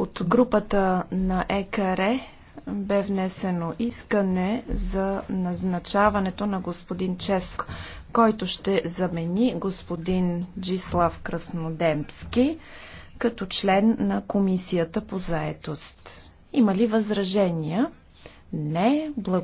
От групата на ЕКР бе внесено искане за назначаването на господин Ческ, който ще замени господин Джислав Краснодемски като член на Комисията по заетост. Има ли възражения? Не. Благодаря.